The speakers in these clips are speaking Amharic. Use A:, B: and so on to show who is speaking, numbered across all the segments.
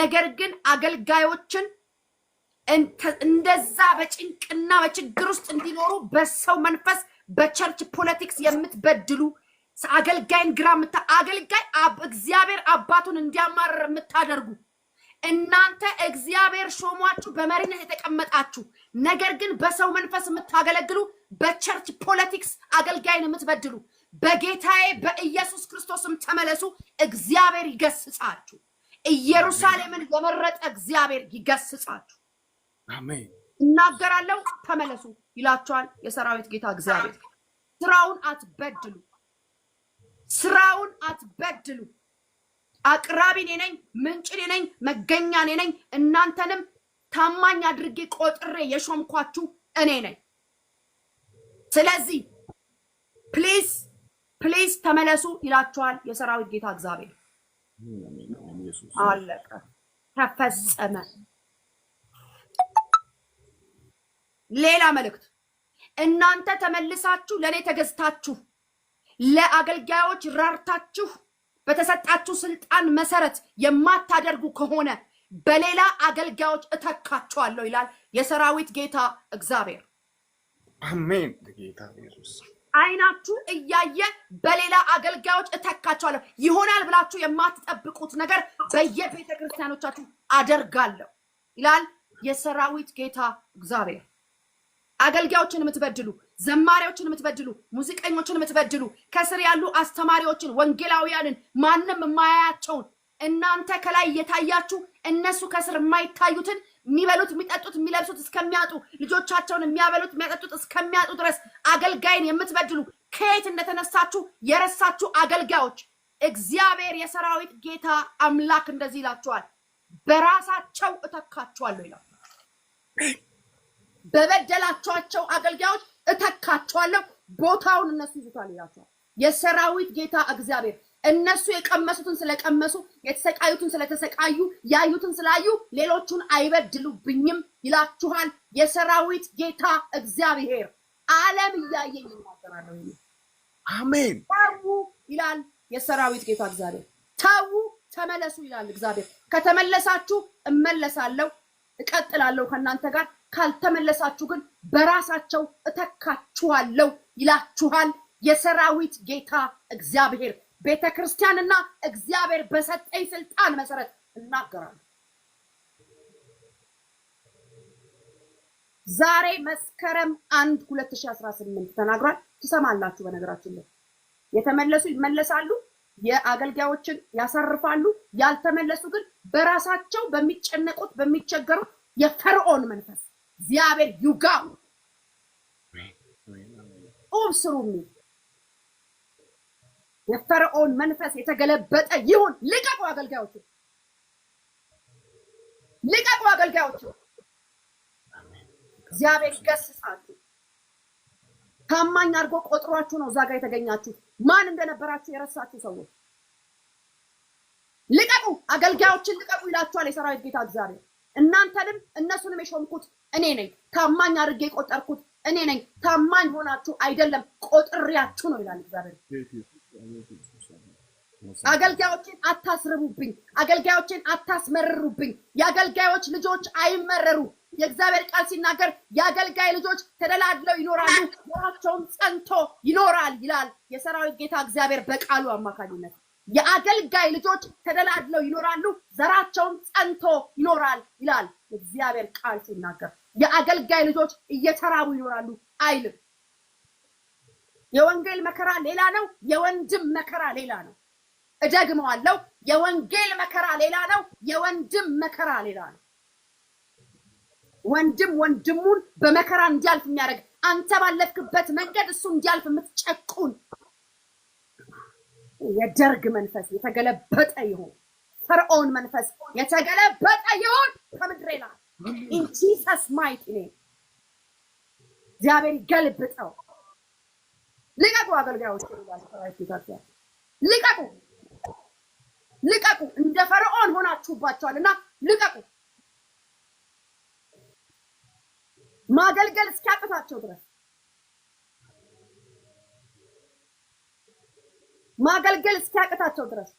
A: ነገር ግን አገልጋዮችን እንደዛ በጭንቅና በችግር ውስጥ እንዲኖሩ በሰው መንፈስ በቸርች ፖለቲክስ የምትበድሉ አገልጋይን ግራ ምታ አገልጋይ እግዚአብሔር አባቱን እንዲያማርር የምታደርጉ እናንተ እግዚአብሔር ሾሟችሁ በመሪነት የተቀመጣችሁ ነገር ግን በሰው መንፈስ የምታገለግሉ በቸርች ፖለቲክስ አገልጋይን የምትበድሉ በጌታዬ በኢየሱስ ክርስቶስም ተመለሱ። እግዚአብሔር ይገስጻችሁ። ኢየሩሳሌምን የመረጠ እግዚአብሔር ይገስጻችሁ። አሜን። እናገራለሁ ተመለሱ ይላችኋል የሰራዊት ጌታ እግዚአብሔር። ስራውን አትበድሉ፣ ስራውን አትበድሉ። አቅራቢ እኔ ነኝ፣ ምንጭ እኔ ነኝ፣ መገኛ እኔ ነኝ። እናንተንም ታማኝ አድርጌ ቆጥሬ የሾምኳችሁ እኔ ነኝ። ስለዚህ ፕሊስ ፕሊስ ተመለሱ ይላችኋል የሰራዊት ጌታ እግዚአብሔር። አለቀ፣ ተፈጸመ። ሌላ መልእክት፣ እናንተ ተመልሳችሁ ለእኔ ተገዝታችሁ ለአገልጋዮች ራርታችሁ በተሰጣችሁ ስልጣን መሰረት የማታደርጉ ከሆነ በሌላ አገልጋዮች እተካችኋለሁ ይላል የሰራዊት ጌታ እግዚአብሔር።
B: አሜን። ጌታ ኢየሱስ
A: አይናችሁ እያየ በሌላ አገልጋዮች እተካቸዋለሁ። ይሆናል ብላችሁ የማትጠብቁት ነገር በየቤተ ክርስቲያኖቻችሁ አደርጋለሁ ይላል የሰራዊት ጌታ እግዚአብሔር። አገልጋዮችን የምትበድሉ፣ ዘማሪዎችን የምትበድሉ፣ ሙዚቀኞችን የምትበድሉ፣ ከስር ያሉ አስተማሪዎችን፣ ወንጌላውያንን፣ ማንም የማያያቸውን እናንተ ከላይ እየታያችሁ እነሱ ከስር የማይታዩትን የሚበሉት የሚጠጡት የሚለብሱት እስከሚያጡ ልጆቻቸውን የሚያበሉት የሚያጠጡት እስከሚያጡ ድረስ አገልጋይን የምትበድሉ ከየት እንደተነሳችሁ የረሳችሁ አገልጋዮች እግዚአብሔር የሰራዊት ጌታ አምላክ እንደዚህ ይላችኋል፣ በራሳቸው እተካችኋለሁ ይላል። በበደላችኋቸው አገልጋዮች እተካችኋለሁ፣ ቦታውን እነሱ ይዙታል ይላችኋል የሰራዊት ጌታ እግዚአብሔር። እነሱ የቀመሱትን ስለቀመሱ የተሰቃዩትን ስለተሰቃዩ ያዩትን ስላዩ ሌሎቹን አይበድሉብኝም ይላችኋል የሰራዊት ጌታ እግዚአብሔር። ዓለም እያየኝ ይናገራለሁ። አሜን። ተዉ ይላል የሰራዊት ጌታ እግዚአብሔር። ተዉ ተመለሱ ይላል እግዚአብሔር። ከተመለሳችሁ እመለሳለሁ፣ እቀጥላለሁ ከእናንተ ጋር። ካልተመለሳችሁ ግን በራሳቸው እተካችኋለሁ ይላችኋል የሰራዊት ጌታ እግዚአብሔር። ቤተ ክርስቲያንና እግዚአብሔር በሰጠኝ ስልጣን መሰረት እናገራለሁ። ዛሬ መስከረም አንድ ሁለት ሺህ አስራ ስምንት ተናግሯል። ትሰማላችሁ። በነገራችን ላይ የተመለሱ ይመለሳሉ፣ የአገልጋዮችን ያሳርፋሉ። ያልተመለሱ ግን በራሳቸው በሚጨነቁት በሚቸገሩት የፈርዖን መንፈስ እግዚአብሔር ዩጋው ኡብ ስሩ የፈርዖን መንፈስ የተገለበጠ ይሁን። ልቀቁ አገልጋዮቹ፣ ልቀቁ አገልጋዮቹ። እግዚአብሔር ይገስጻችሁ። ታማኝ አድርጎ ቆጥሯችሁ ነው እዛ ጋር የተገኛችሁ። ማን እንደነበራችሁ የረሳችሁ ሰዎች ልቀቁ፣ አገልጋዮችን ልቀቁ ይላችኋል የሰራዊት ጌታ እግዚአብሔር። እናንተንም እነሱንም የሾምኩት እኔ ነኝ። ታማኝ አድርጌ የቆጠርኩት እኔ ነኝ። ታማኝ ሆናችሁ አይደለም ቆጥሪያችሁ ነው ይላል እግዚአብሔር። አገልጋዮችን አታስርቡብኝ። አገልጋዮችን አታስመርሩብኝ። የአገልጋዮች ልጆች አይመረሩ። የእግዚአብሔር ቃል ሲናገር የአገልጋይ ልጆች ተደላድለው ይኖራሉ፣ ዘራቸውም ጸንቶ ይኖራል ይላል የሰራዊት ጌታ እግዚአብሔር በቃሉ አማካኝነት። የአገልጋይ ልጆች ተደላድለው ይኖራሉ፣ ዘራቸውም ጸንቶ ይኖራል ይላል እግዚአብሔር ቃል ሲናገር። የአገልጋይ ልጆች እየተራቡ ይኖራሉ አይልም። የወንጌል መከራ ሌላ ነው። የወንድም መከራ ሌላ ነው። እደግመዋለሁ። የወንጌል መከራ ሌላ ነው። የወንድም መከራ ሌላ ነው። ወንድም ወንድሙን በመከራ እንዲያልፍ የሚያደርግ አንተ ባለፍክበት መንገድ እሱ እንዲያልፍ የምትጨቁን የደርግ መንፈስ የተገለበጠ ይሁን። ፈርዖን መንፈስ የተገለበጠ ይሁን ከምድሬ ላ ኢንቺሰስ ማይት ኔ እግዚአብሔር ይገልብጠው። ልቀቁ፣ አገልጋዮች ልቀቁ፣ ልቀቁ። እንደ ፈርዖን ሆናችሁባቸዋል እና ልቀቁ። ማገልገል እስኪያቅታቸው ድረስ ማገልገል እስኪያቅታቸው ድረስ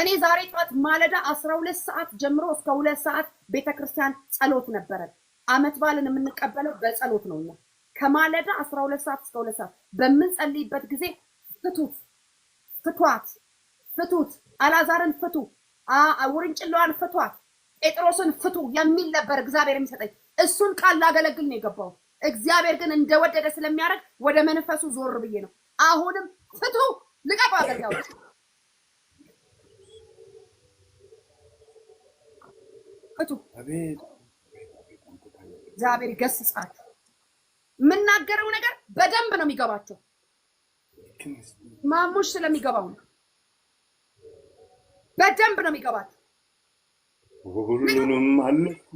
A: እኔ ዛሬ ጠዋት ማለዳ አስራ ሁለት ሰዓት ጀምሮ እስከ ሁለት ሰዓት ቤተክርስቲያን ጸሎት ነበረን። አመት በዓልን የምንቀበለው በጸሎት ነው። ከማለዳ 12 ሰዓት እስከ 2 ሰዓት በምንጸልይበት ጊዜ ፍቱት፣ ፍቷት፣ ፍቱት፣ አላዛርን ፍቱ፣ ውርንጭላዋን ፍቷት፣ ጴጥሮስን ፍቱ የሚል ነበር እግዚአብሔር የሚሰጠኝ። እሱን ቃል ላገለግል ነው የገባው። እግዚአብሔር ግን እንደወደደ ስለሚያደርግ ወደ መንፈሱ ዞር ብዬ ነው። አሁንም ፍቱ፣ ልቀቁ አገልጋዮች ፍቱ። እግዚአብሔር ይገስጻችሁ። የምናገረው ነገር በደንብ ነው የሚገባቸው። ማሙሽ ስለሚገባው ነው በደንብ ነው የሚገባቸው።
B: ሁሉንም አለፉ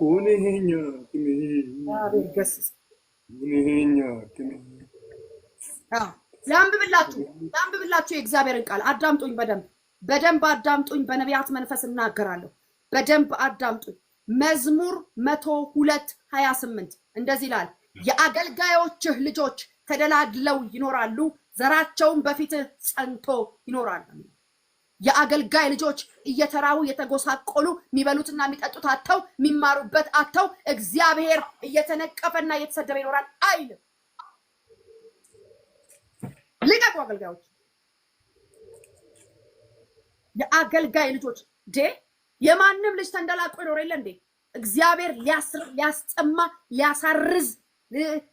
B: ሁኔኛ
A: ለአንብብላችሁ ለአንብብላችሁ የእግዚአብሔርን ቃል አዳምጡኝ። በደንብ በደንብ አዳምጡኝ። በነቢያት መንፈስ እናገራለሁ። በደንብ አዳምጡኝ። መዝሙር መቶ ሁለት ሀያ ስምንት እንደዚህ ይላል፣ የአገልጋዮችህ ልጆች ተደላድለው ይኖራሉ፣ ዘራቸውን በፊትህ ጸንቶ ይኖራሉ። የአገልጋይ ልጆች እየተራቡ እየተጎሳቆሉ የሚበሉትና የሚጠጡት አተው የሚማሩበት አተው እግዚአብሔር እየተነቀፈና እየተሰደበ ይኖራል አይልም። ልቀቁ አገልጋዮች፣ የአገልጋይ ልጆች ዴ የማንም ልጅ ተንደላቆ ይኖር የለ እንዴ? እግዚአብሔር ሊያስጠማ ሊያሳርዝ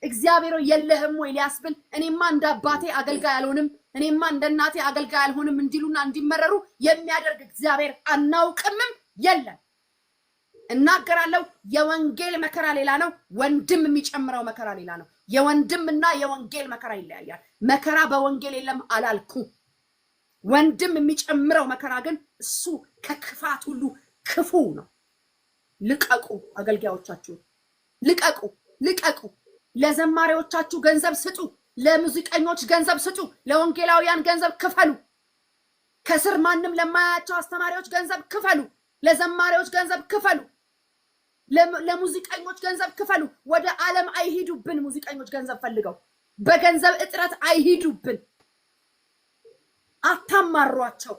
A: እግዚአብሔር የለህም ወይ ሊያስብል እኔማ እንደ አባቴ አገልጋይ አልሆንም፣ እኔማ እንደ እናቴ አገልጋይ አልሆንም እንዲሉና እንዲመረሩ የሚያደርግ እግዚአብሔር አናውቅምም የለም። እናገራለሁ። የወንጌል መከራ ሌላ ነው። ወንድም የሚጨምረው መከራ ሌላ ነው። የወንድም እና የወንጌል መከራ ይለያያል። መከራ በወንጌል የለም አላልኩ። ወንድም የሚጨምረው መከራ ግን እሱ ከክፋት ሁሉ ክፉ ነው። ልቀቁ፣ አገልጋዮቻችሁን ልቀቁ፣ ልቀቁ። ለዘማሪዎቻችሁ ገንዘብ ስጡ፣ ለሙዚቀኞች ገንዘብ ስጡ፣ ለወንጌላውያን ገንዘብ ክፈሉ። ከስር ማንም ለማያቸው አስተማሪዎች ገንዘብ ክፈሉ፣ ለዘማሪዎች ገንዘብ ክፈሉ፣ ለሙዚቀኞች ገንዘብ ክፈሉ። ወደ ዓለም አይሂዱብን። ሙዚቀኞች ገንዘብ ፈልገው በገንዘብ እጥረት አይሂዱብን። አታማሯቸው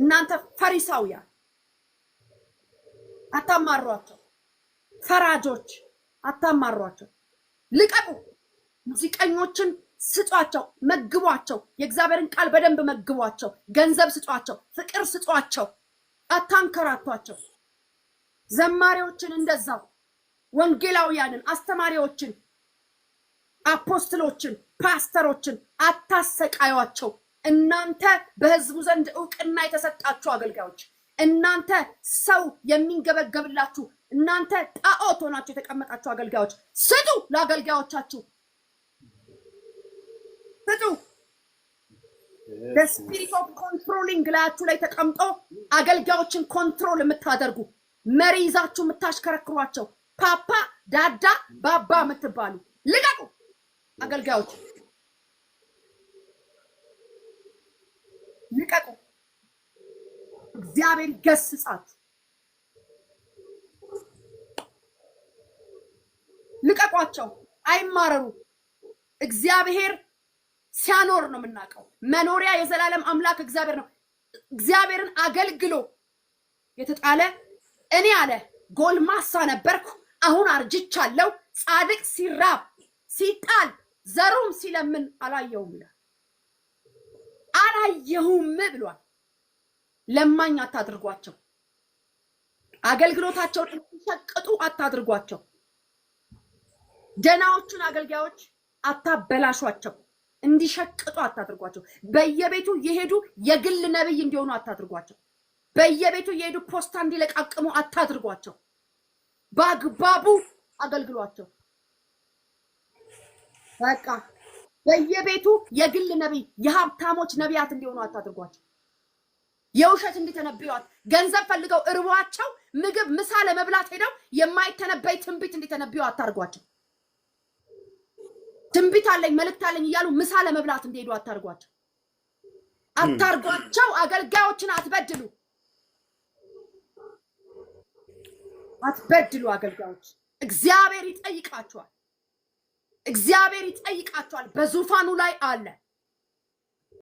A: እናንተ ፈሪሳውያን አታማሯቸው። ፈራጆች አታማሯቸው። ልቀቁ። ሙዚቀኞችን ስጧቸው፣ መግቧቸው። የእግዚአብሔርን ቃል በደንብ መግቧቸው። ገንዘብ ስጧቸው፣ ፍቅር ስጧቸው። አታንከራቷቸው። ዘማሪዎችን እንደዛው፣ ወንጌላውያንን፣ አስተማሪዎችን፣ አፖስትሎችን፣ ፓስተሮችን አታሰቃያቸው። እናንተ በህዝቡ ዘንድ እውቅና የተሰጣችሁ አገልጋዮች እናንተ ሰው የሚንገበገብላችሁ እናንተ ጣዖት ሆናችሁ የተቀመጣችሁ አገልጋዮች ስጡ፣ ለአገልጋዮቻችሁ ስጡ። ስፒሪት ኦፍ ኮንትሮሊንግ ላያችሁ ላይ ተቀምጦ አገልጋዮችን ኮንትሮል የምታደርጉ መሪ ይዛችሁ የምታሽከረክሯቸው ፓፓ ዳዳ ባባ የምትባሉ ልቀቁ አገልጋዮች ልቀቁ። እግዚአብሔር ገስጻት። ልቀቋቸው፣ አይማረሩ። እግዚአብሔር ሲያኖር ነው የምናውቀው። መኖሪያ የዘላለም አምላክ እግዚአብሔር ነው። እግዚአብሔርን አገልግሎ የተጣለ እኔ አለ ጎልማሳ ነበርኩ፣ አሁን አርጅቻለሁ። ጻድቅ ሲራብ ሲጣል ዘሩም ሲለምን አላየሁም ይላል። አላየሁም ብሏል። ለማኝ አታድርጓቸው። አገልግሎታቸውን እንዲሸቅጡ አታድርጓቸው። ደናዎቹን አገልጋዮች አታበላሿቸው። እንዲሸቅጡ አታድርጓቸው። በየቤቱ የሄዱ የግል ነብይ እንዲሆኑ አታድርጓቸው። በየቤቱ የሄዱ ፖስታ እንዲለቃቅሙ አታድርጓቸው። በአግባቡ አገልግሏቸው። በቃ በየቤቱ የግል ነቢይ የሀብታሞች ነቢያት እንዲሆኑ አታድርጓቸው። የውሸት እንዲተነብዩት ገንዘብ ፈልገው እርቧቸው ምግብ ምሳ ለመብላት ሄደው የማይተነበይ ትንቢት እንዲተነብዩ አታርጓቸው። ትንቢት አለኝ መልእክት አለኝ እያሉ ምሳ ለመብላት እንዲሄዱ አታርጓቸው፣ አታርጓቸው። አገልጋዮችን አትበድሉ፣ አትበድሉ። አገልጋዮች እግዚአብሔር ይጠይቃቸዋል፣ እግዚአብሔር ይጠይቃቸዋል። በዙፋኑ ላይ አለ